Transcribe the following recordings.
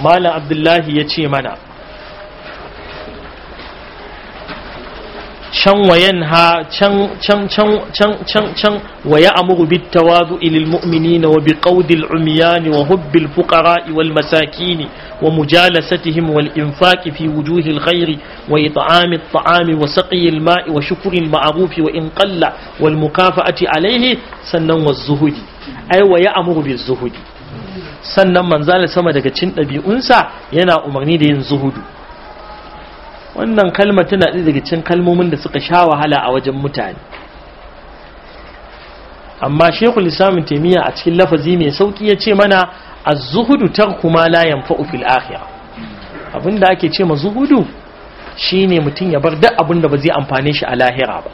malam abdullahi ya ce mana can wayan ha can can can can can can wa ya'muru bit tawadu'i lil mu'minina wa bi qawdil umyani wa hubbil fuqara'i wal masakini wa mujalasatihim wal infaqi fi wujuhil khairi wa it'ami at wa saqi al-ma'i wa shukri al-ma'ruf wa in qalla wal mukafa'ati alayhi sannan wa zuhudi ay wa ya'muru biz zuhudi sannan manzala sama daga cin ɗabi'unsa yana umarni da yin zuhudu wannan kalmar tana ɗaya daga cin kalmomin da suka sha wahala a wajen mutane amma shekul islam taimiyya a cikin lafazi mai sauƙi ya ce mana a zuhudu ta kuma layan fa'ufil fil abin abinda ake ce ma zuhudu shine mutum ya bar duk da ba zai amfane shi a lahira ba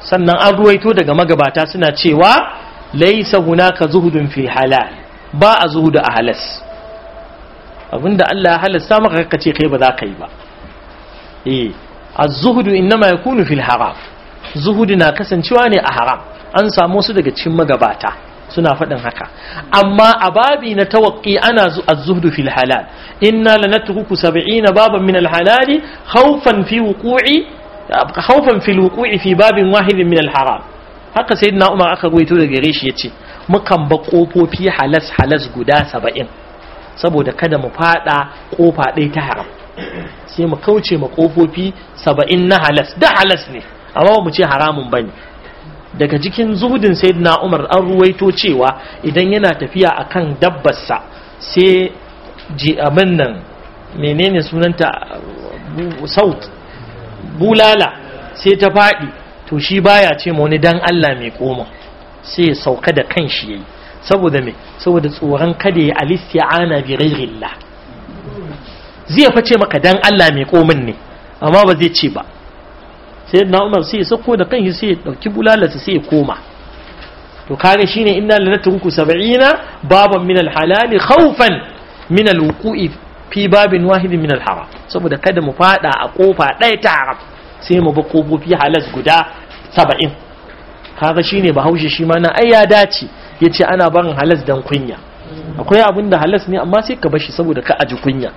sannan an ruwaito daga magabata suna cewa laisa hunaka zuhudun fi halal ba a zuhudu a halas abinda Allah ya halasta maka ka ce kai ba za ka yi ba eh az-zuhdu innama yakunu fil haram zuhudu na kasancewa ne a haram an samu su daga cikin magabata suna faɗin haka amma a babi na tawakki ana az-zuhdu fil halal inna lanatruku 70 baban min al-halali khawfan fi wuqu'i khawfan fil wuqu'i fi babin wahidin min al-haram haka sai na umar aka ruwaito da gare shi ya ce mukan ba ƙofofi halas halas guda saba'in saboda kada mu faɗa ƙofa ɗaya ta haram sai mu kauce ma ƙofofi saba'in na halas da halas ne amma mu ce haramun ba ne daga cikin zuhudin sayyidina umar an ruwaito cewa idan yana tafiya akan dabbarsa sai ji abin nan menene sunanta saut bulala sai ta faɗi to shi baya ce ma wani dan Allah mai koma sai ya sauka da kan shi yayi saboda me saboda tsoron kada ya alisti'ana bi ghairillah zai fa ce maka dan Allah mai komin ne amma ba zai ce ba sai na Umar sai ya sauko da kan shi sai ya dauki bulalarsa sai ya koma to kaga shine inna lanatruku 70 baban min alhalali, halal khawfan min al fi babin wahidin min al saboda kada mu fada a kofa ɗaya ta haram sai mu bi kofofi halas guda saba'in kaga shine bahaushe shi ma na ai ya dace yace ana barin halas dan kunya akwai abin da halas ne amma sai ka bashi saboda ka aji kunya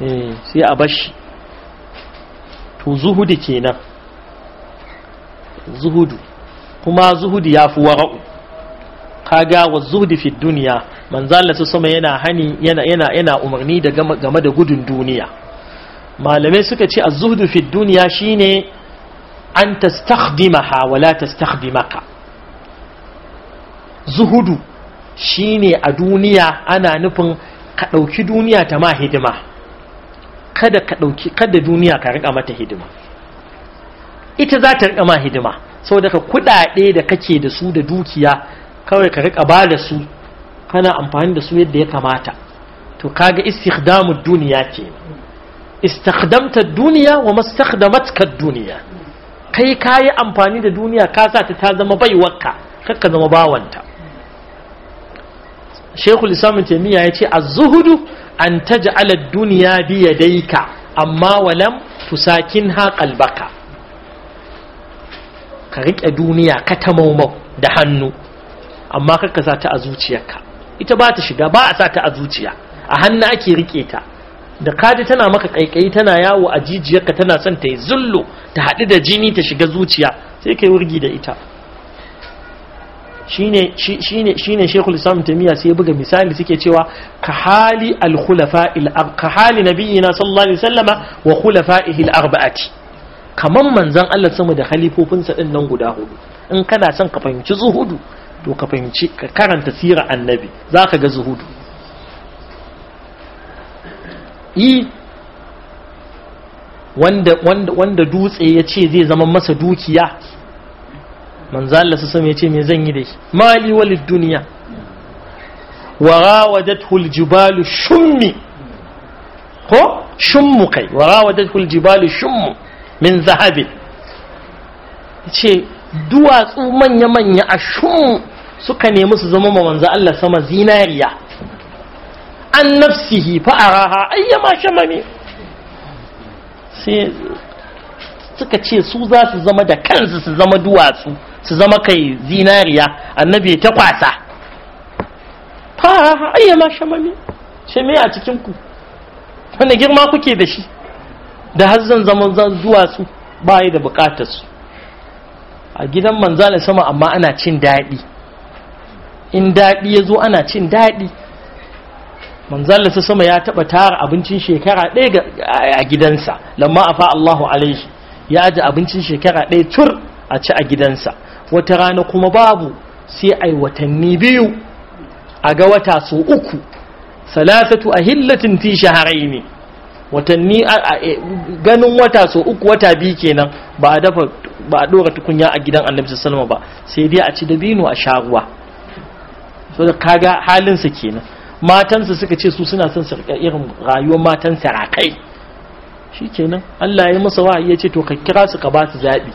eh sai a bashi to zuhudi kenan zuhudu kuma zuhudi ya fi wara'u kaga wa zuhudi fi dunya manzo sama yana hani yana yana yana umarni da game da gudun duniya malamai suka ce az-zuhdu fi dunya shine an tastakhdimaha wa la tastakhdimaka zuhudu shine a duniya ana nufin ka ɗauki duniya ta ma hidima kada ka ɗauki kada duniya ka riƙa mata hidima ita za ta riƙa ma hidima saboda ka kuɗaɗe da kake da su da dukiya kawai ka riƙa ba da su kana amfani da su yadda ya kamata to kaga istikhdamud duniya kenan istakhdamta duniya wa mastakhdamatka duniya kai ka yi amfani da duniya ka sa ta ta zama baiwarka kakka zama bawanta shekul islam taimiyya ya ce a zuhudu an ta ja'ala duniya biya daika amma walam fusakin haƙal kalbaka ka riƙe duniya ka ta maumau da hannu amma kakka sa ta a zuciyarka ita ba ta shiga ba a sa ta a zuciya a hannu ake riƙe ta da kaji tana maka kaikayi tana yawo a jijiyarka tana son ta yi zullo ta haɗu da jini ta shiga zuciya sai ka yi wurgi da ita Shi ne shekul Sheikhul Islam Tamiya sai buga misali suke cewa ka hali alhulafa khulafa ka hali nabiyina sallallahu alaihi sallama wa khulafa'ihi al-arba'ati kaman manzon Allah sama da halifofinsa ɗin nan guda hudu in kana son ka fahimci zuhudu to ka fahimci ka karanta sira annabi za ka ga zuhudu yi wanda dutse ya ce zai zama masa dukiya manzo Allah su ya ce me zan yi da shi mali walid duniya wa rawadathu aljibalu shummi ko shummu kai wa rawadathu aljibalu shummu min zahabi ce duwatsu manya-manya a shummu suka nemi su zama manzo Allah sama zinariya an nafsihi fa araha ayyama shamami sai suka ce su za su zama da kansu su zama duwatsu su zama kai zinariya annabi ta kwasa fa araha ayyama shamami ce me a cikin ku wanda girma kuke da shi da har zan zama duwatsu baya da bukatar su a gidan manzala sama amma ana cin daɗi in daɗi ya zo ana cin daɗi manzalla su sama ya taba tara abincin shekara ɗaya a gidansa lamma afa Allahu alaihi ya ji abincin shekara ɗaya tur a ci a gidansa wata rana kuma babu sai ai watanni biyu a ga wata su uku salasatu a hillatin fi shaharai ne watanni ganin wata su uku wata biyu kenan ba a dafa ba a dora tukunya a gidan annabi ba sai dai a ci dabino a sha ruwa so da kaga halinsa kenan Matansa suka ce su suna son irin rayuwar matan sarakai shikenan Allah ya masa wa'ayi ya ce to ka kira su ka ba su zabi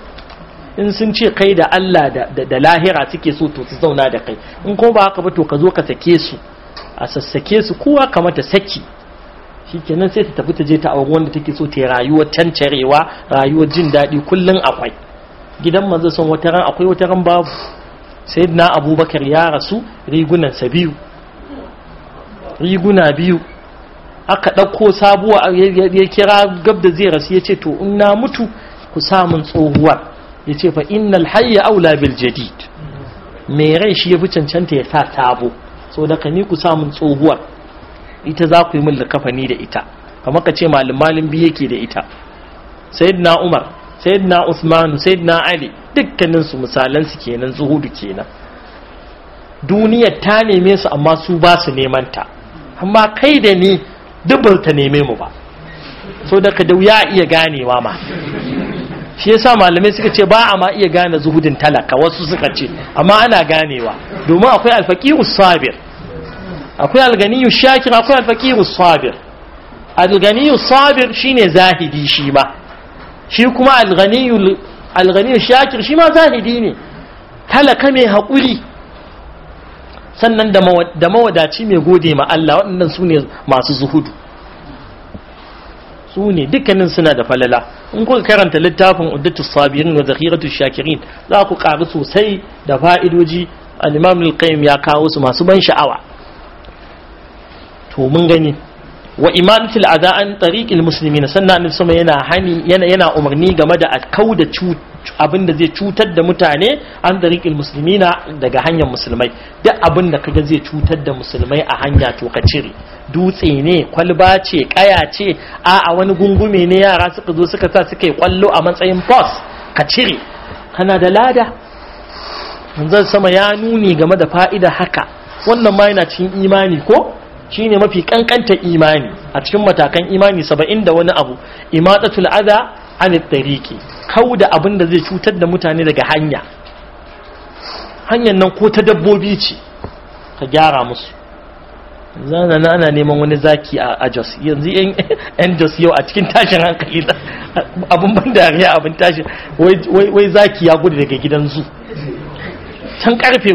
in sun ce kai da Allah da lahira suke so to su zauna da kai in ko ba haka ba to ka zo ka sake su a sassake su kowa kamata saki shikenan sai ta tafi ta je ta auri wanda take so ta rayuwar cancarewa rayuwar jin daɗi kullum akwai gidan manzo son wata ran akwai wata ran babu sayyidina abubakar ya rasu rigunan biyu. riguna biyu aka ɗauko sabuwa ya kira gab da zai rasu ya ce to in na mutu ku samun tsohuwar ya ce fa innal hayya aula bil jadid mai rai shi ya fi cancanta ya sa sabo so da ni ku samun tsohuwar ita za ku yi min kafani da ita kamar ka ce malum malum biyu yake da ita sayyidina umar sayyidina usmanu sayyidina ali dukkanin su misalan su kenan zuhudu kenan duniyar ta neme su amma su ba su neman ta amma kai da ni duk ta neme mu ba so da ka da iya ganewa ma shi yasa malamai suka ce ba a ma iya gane zuhudin talaka wasu suka ce amma ana ganewa domin akwai alfaqihu sabir akwai alganiyu shakir akwai alfaqihu sabir alganiyu sabir shine zahidi shi ma shi kuma alganiyu alganiyu shakir shi ma zahidi ne talaka mai haƙuri sannan da mawadaci mai gode ma Allah waɗannan su ne masu zuhudu su ne dukkanin suna da falala in kuka karanta littafin uddatu sabirin wa zakhiratu shakirin za ku ƙaru sosai da fa'idoji al-imam al ya kawo su masu ban sha'awa to mun gani wa imanatul adha an tariqil muslimin sannan annabi sama yana hani yana yana umarni game da kauda abin da zai cutar da mutane an tariqil muslimina daga hanyar musulmai duk abin da kaga zai cutar da musulmai a hanya to ka cire dutse ne kwalba ce kaya ce a a wani gungume ne yara suka zo suka sa suka yi kwallo a matsayin boss ka cire kana da lada manzon sama ya nuni game da fa'ida haka wannan ma yana cikin imani ko Shi ne mafi kankanta imani a cikin matakan imani saba'in da wani abu imatatul adha an tariki kau da abin da zai cutar da mutane daga hanya hanyar nan ko ta dabbobi ce ka gyara musu zana na ana neman wani zaki a jos yanzu yan jos yau a cikin tashin hankali abin ban dariya abin tashin wai zaki ya gudu daga gidan zu can karfe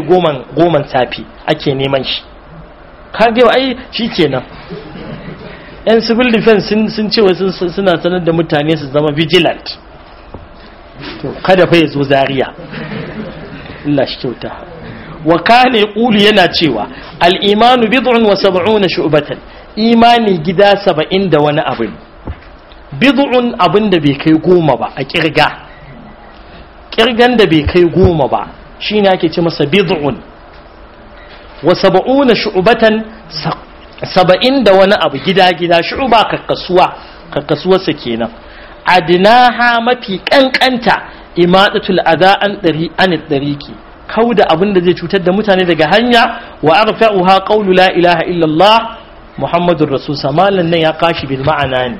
goman safe ake neman shi kaga ai kenan. yan civil defense sun ce wasu suna sanar da mutane su zama vigilant to kada fa ya zo zariya Allah shi kyauta wa kana yaqulu yana cewa al-imanu bid'un wa sab'un shu'batan imani gida 70 da wani abu bid'un abin da bai kai goma ba a kirga kirgan da bai kai goma ba shine ake ce masa bid'un wa shu'batan saba'in da wani abu gida gida shu'ba kakkasuwa kakkasuwarsa kenan Adinaha mafi kankanta imadatul adha an dari an dariki kauda abin da zai cutar da mutane daga hanya wa arfa'uha qawlu la ilaha illallah Muhammadu rasul samalan nan ya kashi bil ma'ana ne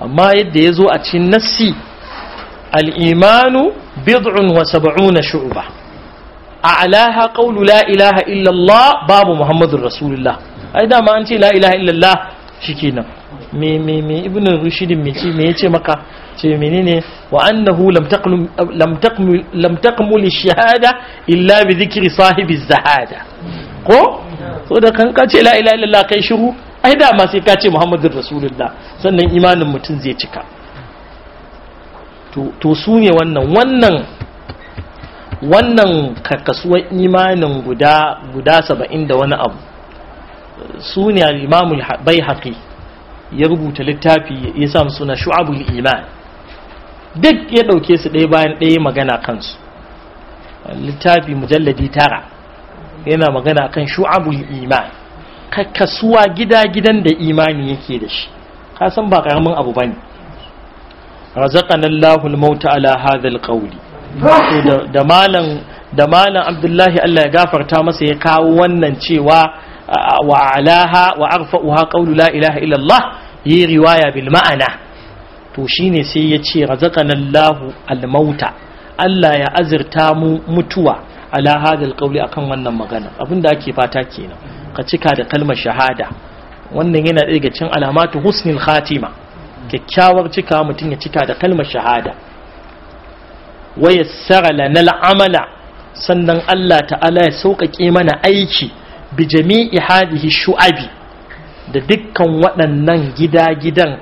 amma yadda ya zo a cikin nassi al-imanu bid'un wasab'una sab'una shu'ba a'laha qawlu la ilaha illallah babu muhammadur rasulullah ai dama an ce la ilaha illallah shikenan me me me ibn rushd me ce me yace maka ce menene wa annahu lam lam lam shahada illa bi dhikri sahibi zahada ko so da kan ka ce la ilaha illallah kai shiru ai dama sai ka ce muhammadur rasulullah sannan imanin mutum zai cika to to su ne wannan wannan wannan karkasuwar imanin guda guda saba'in da wani abu su ne al'imamu bai haƙi ya rubuta littafi ya samu suna shu'abul iman duk ya ɗauke su ɗaya bayan ɗaya magana kansu littafi mujalladi tara yana magana kan shu'abul iman karkasuwa gida gidan da imani yake da shi ka san ba ƙaramin abu ba ne razaqanallahu al-mauta ala hadha al-qawli da malam abdullahi Allah ya gafarta masa ya kawo wannan cewa wa alaha wa arfa'uha qawlu la ilaha illallah yi riwaya bil ma'ana to shine sai ya ce razaqanallahu al-mauta Allah ya azirta mu mutuwa ala hadal qawli akan wannan magana abinda ake fata kenan ka cika da kalmar shahada wannan yana daga cikin alamatu husnin khatima kyakkyawar cika mutum ya cika da kalmar shahada Waya yassara na la'amala sannan Allah ta'ala ya sauƙaƙe mana aiki bi jami'i hadihi shu'abi da dukkan waɗannan gida-gidan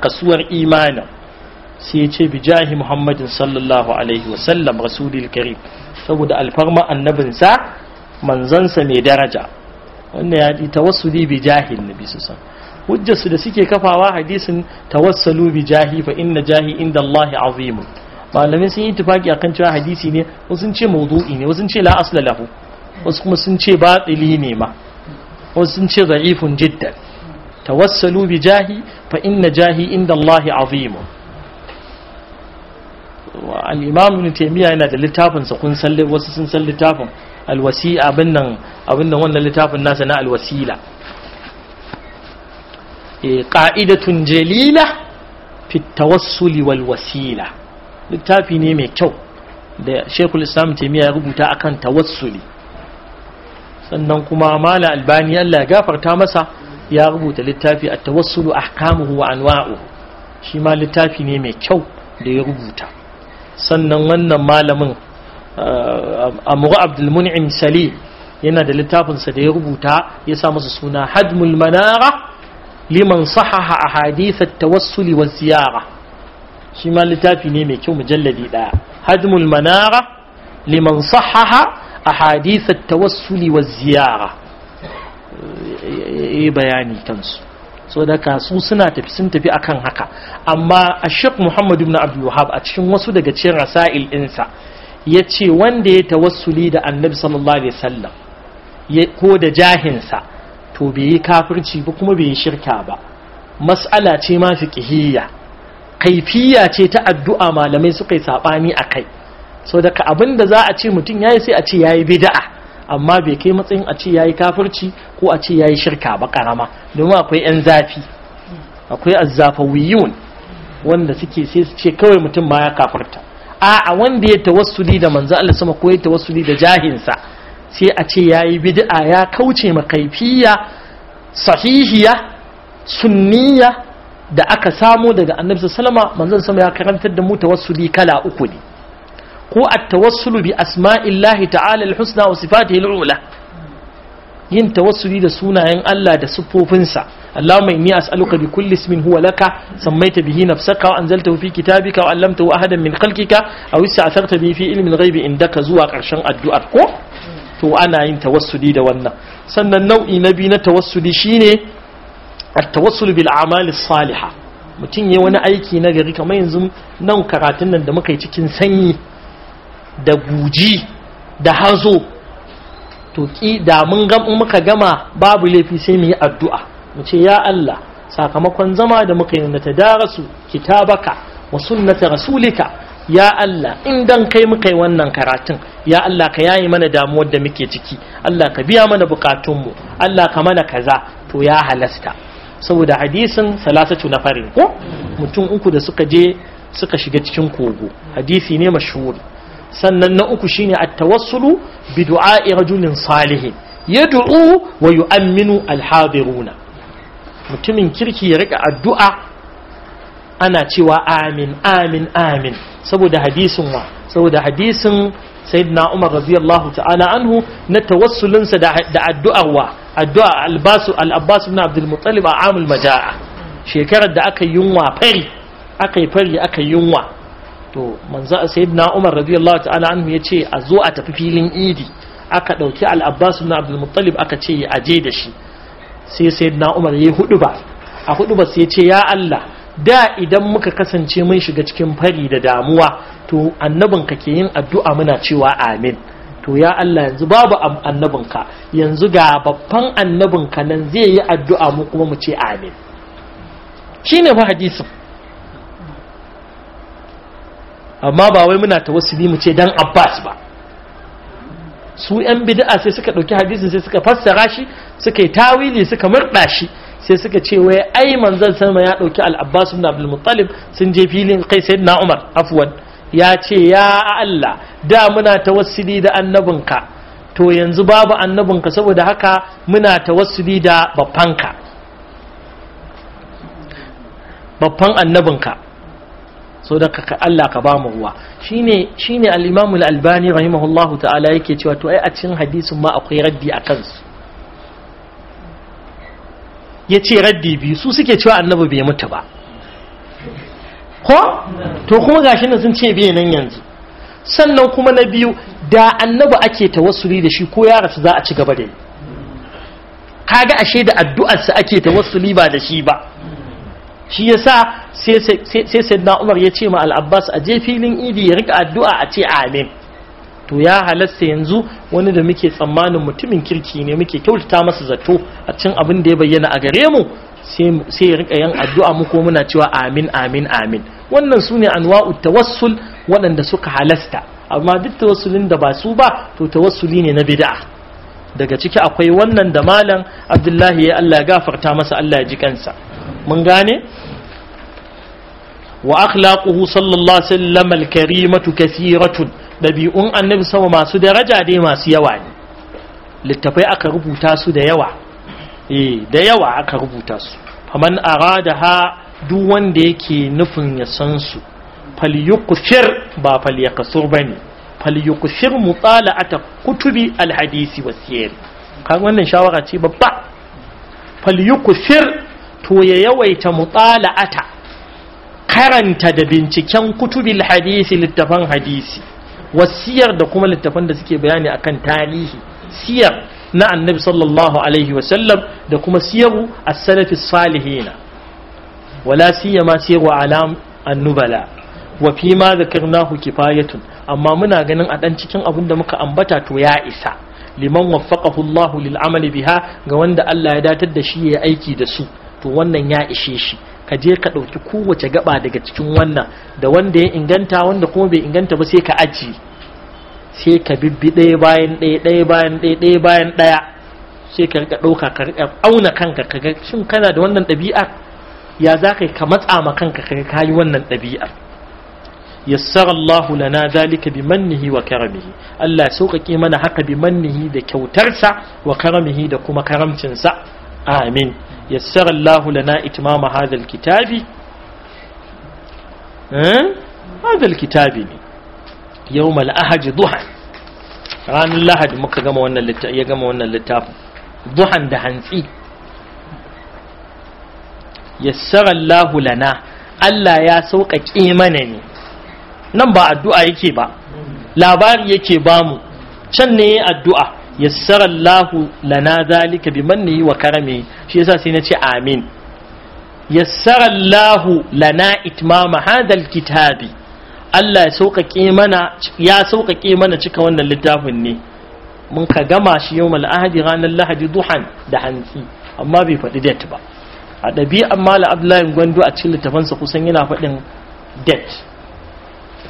kasuwar imanin sai ya ce bi jahi muhammadin sallallahu alaihi wasallam rasulil karim saboda alfarma annabinsa manzansa mai daraja wannan ya ɗi tawassuli bi jahil nabi su san hujjarsu da suke kafawa hadisin tawassalu bi jahi fa inna jahi inda Allah azimun malamai sun yi tufaki akan cewa hadisi ne wasu sun ce maudu'i ne wasu sun ce la lahu wasu kuma sun ce batili ne ma wasu sun ce za'ifun jiddan tawassalu bi jahi fa inna jahi inda Allah azimun al-imam ibn taymiya yana da littafin sa kun san wasu sun san littafin al-wasi'a abin nan abin nan wannan littafin nasa na al-wasila ka'idatun eh, jalila fi tawassuli wal wasila littafi ne mai kyau da shekul islam taimiyya ya rubuta akan tawassuli sannan kuma mala albani allah ya gafarta masa ya rubuta littafi a tawassulu ahkamuhu wa anwa'u shi ma littafi ne mai kyau da ya rubuta sannan wannan malamin uh, amru abdul mun'im salim yana da littafinsa da ya rubuta ya sa masa suna hadmul manara liman sahaha a at-tawassuli wa ziyara shi ma littafi ne mai kyau mujalladi ɗaya hadmul manara liman sahaha a hadisa tawassuli wa ziyara yi eh, eh, bayani kansu so ka su suna tafi sun tafi akan haka amma a shek muhammadu ibn abdul a cikin wasu daga cikin rasail ɗinsa ya ce wanda ya tawassuli da annabi sallallahu alaihi wasallam ko da jahinsa to bai yi kafirci ba kuma bai yi shirka ba mas'ala ce ma fiqhiyya kaifiya ce ta addu'a malamai suka yi saɓani a kai so daga abin da za a ce mutum ya yi sai a ce ya yi bida'a amma bai kai matsayin a ce ya yi kafirci ko a ce ya yi shirka ba karama domin akwai 'yan zafi akwai azzafawiyun wanda suke sai su ce kawai mutum ma ya kafirta a a wanda ya tawassuli da manzo Allah sama ko ya tawassuli da jahinsa sai a ce ya yi bid'a ya kauce ma kaifiya sahihiya sunniya da aka samu daga annabi sallama manzon sama ya karantar da mu tawassuli kala uku ne ko at-tawassulu bi asma'illahi ta'ala al-husna wa sifatihi al-ula yin tawassuli da sunayen Allah da siffofinsa Allahumma inni as'aluka bi kulli ismin huwa laka sammaita bihi nafsaka wa anzaltahu fi kitabika wa 'allamtahu ahadan min khalqika aw ista'tharta bihi fi ilmi al-ghaibi indaka zuwa karshen addu'ar ko to ana yin tawassuli da wannan sannan nau'i na biyu na tawassuli shine at-tawassul bil a'mal as mutum ya wani aiki na gari kamar yanzu nan karatun nan da muka yi cikin sanyi da guji da hazo to ki da mun muka gama babu laifi sai mu yi addu'a mu ce ya Allah sakamakon zama da muka yi na darasu kitabaka wa sunnata rasulika ya Allah in dan kai muka yi wannan karatun ya Allah ka yayi mana damuwar da muke ciki Allah ka biya mana bukatunmu Allah ka mana kaza to ya halasta saboda hadisin salasatu na farin ko mutum uku da suka je suka shiga cikin kogo hadisi ne mashuri. sannan na uku shine at-tawassulu bi du'a'i rajulin salihin yad'u wa yu'minu al-hadiruna mutumin kirki ya rika addu'a ana cewa amin amin amin saboda hadisin wa saboda hadisin sayyidina Umar radiyallahu ta'ala anhu na tawassulinsa da addu'ar wa addu'a albasu al-abbas ibn abdul muttalib a amul majaa shekarar da aka yunwa fari aka yi fari aka yunwa to manzo sayyidina umar radiyallahu ta'ala anhu ce a zo a tafi filin idi aka dauki al-abbas ibn abdul muttalib aka ce a je da shi sai sayyidina umar ya hudu ba a hudu ba sai ce ya Allah da idan muka kasance mun shiga cikin fari da damuwa to annabinka ke yin addu'a muna cewa amin to ya Allah yanzu babu annabinka yanzu ga babban annabinka nan zai yi addu'a mu kuma mu ce amin shine fa hadisi amma ba wai muna ta wasu mu ce dan Abbas ba su yan bid'a sai suka ɗauki hadisin sai suka fassara shi suka yi tawili suka murda shi sai suka ce wai ai manzon sama ya ɗauki al-Abbas ibn Abdul Muttalib sun je filin kai sayyidina Umar afwan ya ce ya Allah da muna tawassuli da annabinka to yanzu babu annabinka saboda haka muna tawassuli da babbanka babban annabinka so da ka Allah ka bamu ruwa shine shine al-Imam al-Albani rahimahullahu ta'ala yake cewa to ai a cikin hadisin ma akwai raddi a kansu yace raddi biyu su suke cewa annabi bai mutu ba ko to kuma gashi nan sun ce bai nan yanzu sannan kuma na biyu da annabi ake ta wasuli da shi ko ya rasu za a ci gaba da yi kaga ashe da addu'arsa ake ta wasuli ba da shi ba shi yasa sai sai Umar ya ce ma al-Abbas a je filin idi ya rika addu'a a ce amin to ya halasta yanzu wani da muke tsammanin mutumin kirki ne muke kyautata masa zato a cikin abin da ya bayyana a gare mu sai ya rika yan addu'a mu muna cewa amin amin amin wannan su ne anwa'u tawassul waɗanda suka halasta amma duk tawassulin da ba su ba to tawassuli ne na bid'a daga ciki akwai wannan da malam abdullahi ya Allah gafarta masa Allah ji kansa mun gane wa akhlaquhu sallallahu alaihi wasallam alkarimatu kathiratun dabi'un annabi sama masu daraja dai masu yawa ne littafai aka rubuta su da yawa eh da yawa aka rubuta su faman aradaha duk wanda yake nufin ya san su falyukfir ba falyakasur bane falyukfir ata kutubi alhadisi wasiyar kan wannan shawara ce babba falyukfir to ya yawaita ata. karanta da binciken kutubi alhadisi littafan hadisi wasiyar da kuma littafan da suke bayani akan tarihi siyar na annabi sallallahu alaihi wasallam da kuma siyaru a salafi salihina wala siyama siyaru alam annubala wa fi ma zakarnahu kifayatun amma muna ganin a dan cikin abin da muka ambata to ya isa liman waffaqahu Allah lil amali biha ga wanda Allah ya datar da shi ya aiki da su to wannan ya ishe shi ka je ka ɗauki kowace gaba daga cikin wannan da wanda ya inganta wanda kuma bai inganta ba sai ka ajiye sai ka bibbi ɗaya bayan ɗaya ɗaya bayan ɗaya ɗaya bayan ɗaya sai ka ɗauka ka auna kanka ka ga shin kana da wannan ɗabi'ar ya za ka ka matsa ma kanka ka ka yi wannan ɗabi'ar yassara Allahu lana zalika bi mannihi wa karamihi Allah sauƙaƙe mana haka bi mannihi da kyautarsa wa karamihi da kuma karamcinsa amin yassara Allahu lana itmama hadha alkitabi eh hadha kitabi ne yawm al duhan ranar Lahadi muka gama wannan littafi ya gama wannan littafin duhan da hantsi yassara lana Allah ya sauƙaƙe mana ne nan ba addu'a yake ba labari yake bamu can ne addu'a yassara Allah lana zalika bi yi wa karami shi yasa sai na ce amin yassara lana itmama hadal kitabi Allah ya sauƙaƙe mana cika wannan littafin ne mun ka gama shi yau ahadi ranar lahadi duhan da hantsi amma bai faɗi det ba a ɗabi'an mala abdullahi gwando a cikin littafansa kusan yana faɗin det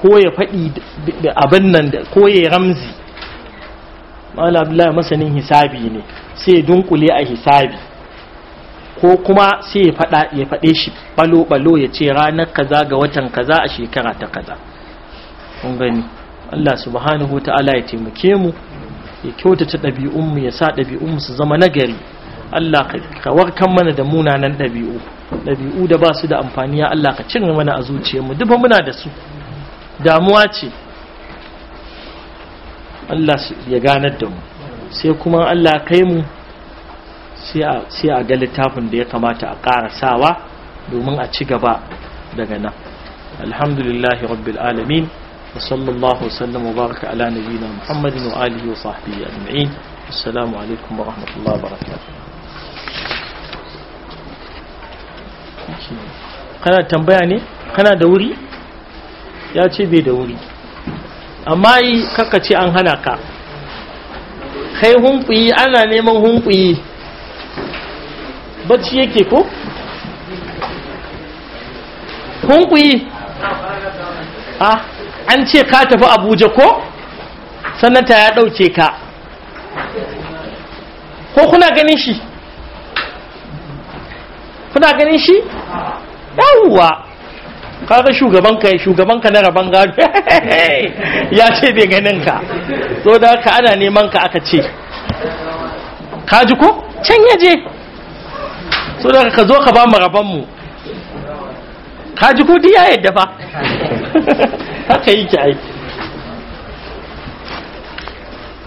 ko ya faɗi abin nan ko ya ramzi mala abdullahi masanin hisabi ne sai dunkule a hisabi ko kuma sai ya faɗe shi balo-balo ya ce ranar kaza ga watan kaza a shekara ta kaza kun gani Allah subhanahu ta'ala ya taimake mu ya kyautata ɗabi'unmu ya sa ɗabi'unmu su zama nagari Allah ka warkan mana da munanan ɗabi'u ɗabi'u da ba su da amfani ya Allah ka cire mana a zuciyar mu duk muna da su damuwa ce Allah ya ganar da mu sai kuma Allah kai mu sai a ga littafin da ya kamata a ƙara sawa domin a ci gaba daga nan alhamdulillahi rabbil alamin وصلى الله وسلم وبارك على نبينا محمد وآله وصحبه أجمعين السلام عليكم ورحمة الله وبركاته kana tambaya ne kana da wuri ya ce bai da wuri amma yi kaka ce an hana ka kai hunkuyi ana neman hunkuyi bacci yake ko? an ce ka tafi abuja ko sanata ya ɗauke ka ko kuna ganin shi kuna ganin shi yawuwa kaga shugabanka shugabanka na rabon gado ya ce bai ganin ka so da haka ana neman ka aka ce ka ji ko can yaje so da ka zo ka ba mu rabon mu ka ji ko diya yadda ba haka yake aiki